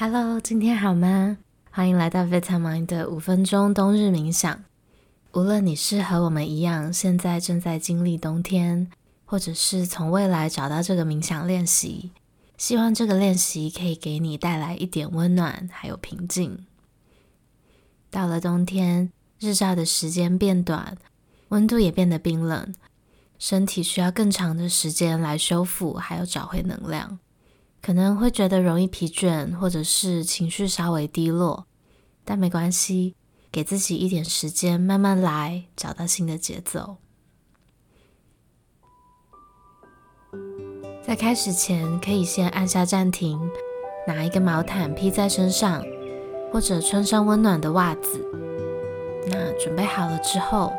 哈嘍，Hello, 今天好嗎？歡迎來到非特 t 的五分鐘冬日冥想。無論你是和我們一樣現在正在經歷冬天，或者是從未來找到這個冥想練習，希望這個練習可以給你帶來一點溫暖還有平靜。到了冬天，日照的時間變短，溫度也變得冰冷，身體需要更長的時間來修復，還有找回能量。可能會覺得容易疲倦，或者是情緒稍微低落，但沒關係，給自己一點時間，慢慢來，找到新的節奏。在開始前，可以先按下暫停，拿一個毛毯披在身上，或者穿上溫暖的襪子。那準備好了之後，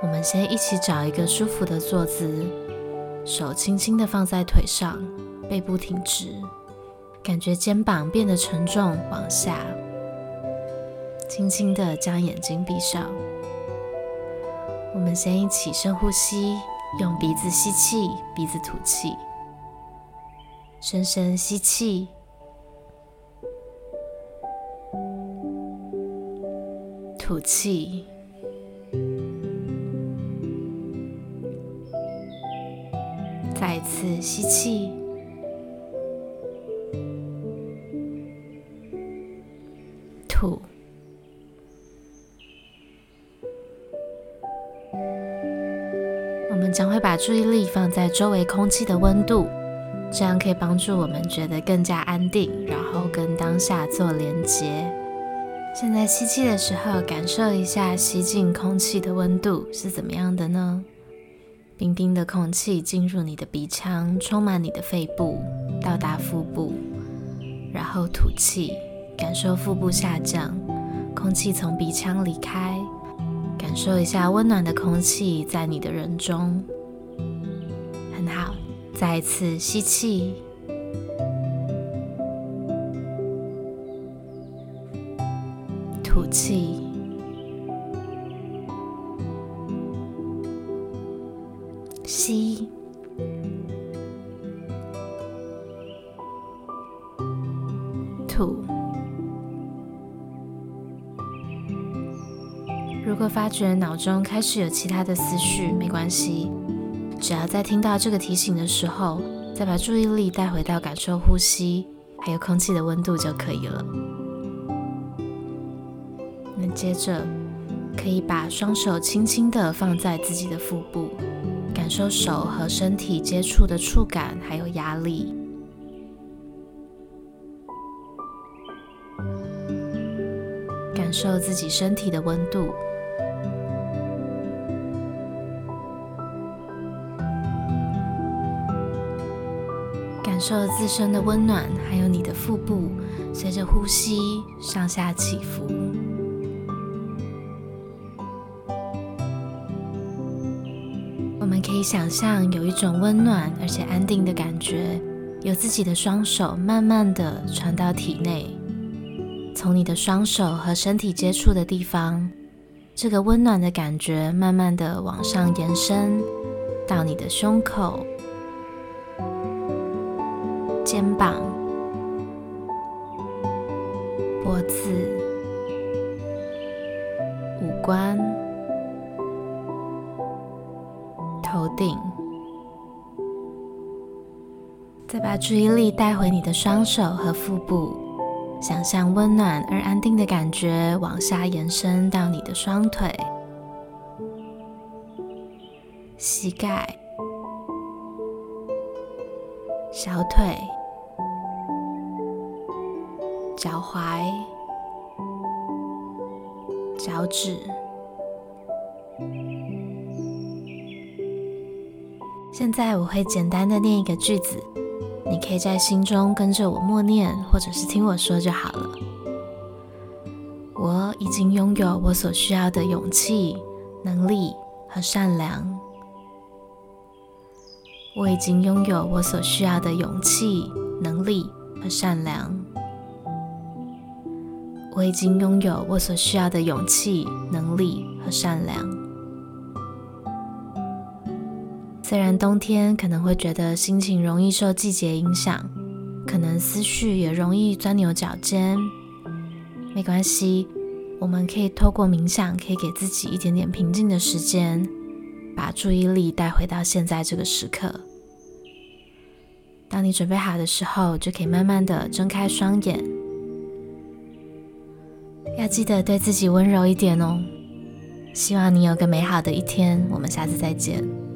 我們先一起找一個舒服的坐姿，手輕輕地放在腿上。背部挺直，感覺肩膀變得沉重，往下。輕輕的將眼睛閉上。我們先一起深呼吸，用鼻子吸氣，鼻子吐氣。深深吸氣，吐氣，再一次吸氣。我們將會把注意力放在周圍空氣的溫度，這樣可以幫助我們覺得更加安定，然後跟當下做連接。現在吸氣的時候，感受一下吸進空氣的溫度是怎麼樣的呢？冰冰的空氣進入你的鼻腔，充滿你的肺部，到達腹部，然後吐氣。感受腹部下降，空氣從鼻腔離開，感受一下溫暖的空氣在你的人中，很好。再一次吸氣，吐氣，吸，吐。如果發覺腦中開始有其他的思緒，沒關係，只要在聽到這個提醒的時候，再把注意力帶回到感受呼吸，還有空氣的溫度就可以了。那接着可以把雙手輕輕的放在自己的腹部，感受手和身體接觸的觸感，還有壓力，感受自己身體的溫度。感受自身的溫暖，還有你的腹部隨着呼吸上下起伏。 我們可以想象有一種溫暖而且安定的感覺，由自己的雙手慢慢的傳到體內，從你的雙手和身體接觸的地方，這個溫暖的感覺慢慢的往上延伸到你的胸口。肩膀、脖子、五官、頭頂，再把注意力帶回你的雙手和腹部，想象溫暖而安定的感覺往下延伸到你的雙腿、膝蓋。小腿、腳踝、腳趾。現在我會簡單的念一個句子，你可以在心中跟着我默念，或者是聽我說就好了。我已經擁有我所需要的勇氣、能力和善良。我已經擁有我所需要的勇氣、能力和善良。我已經擁有我所需要的勇氣、能力和善良。雖然冬天可能會覺得心情容易受季節影響，可能思緒也容易鑽牛角尖，沒關係，我們可以透過冥想，可以給自己一點點平靜的時間。把注意力帶回到現在這個時刻。當你準備好的時候，就可以慢慢的睜開雙眼。要記得對自己溫柔一點哦。希望你有個美好的一天，我們下次再見。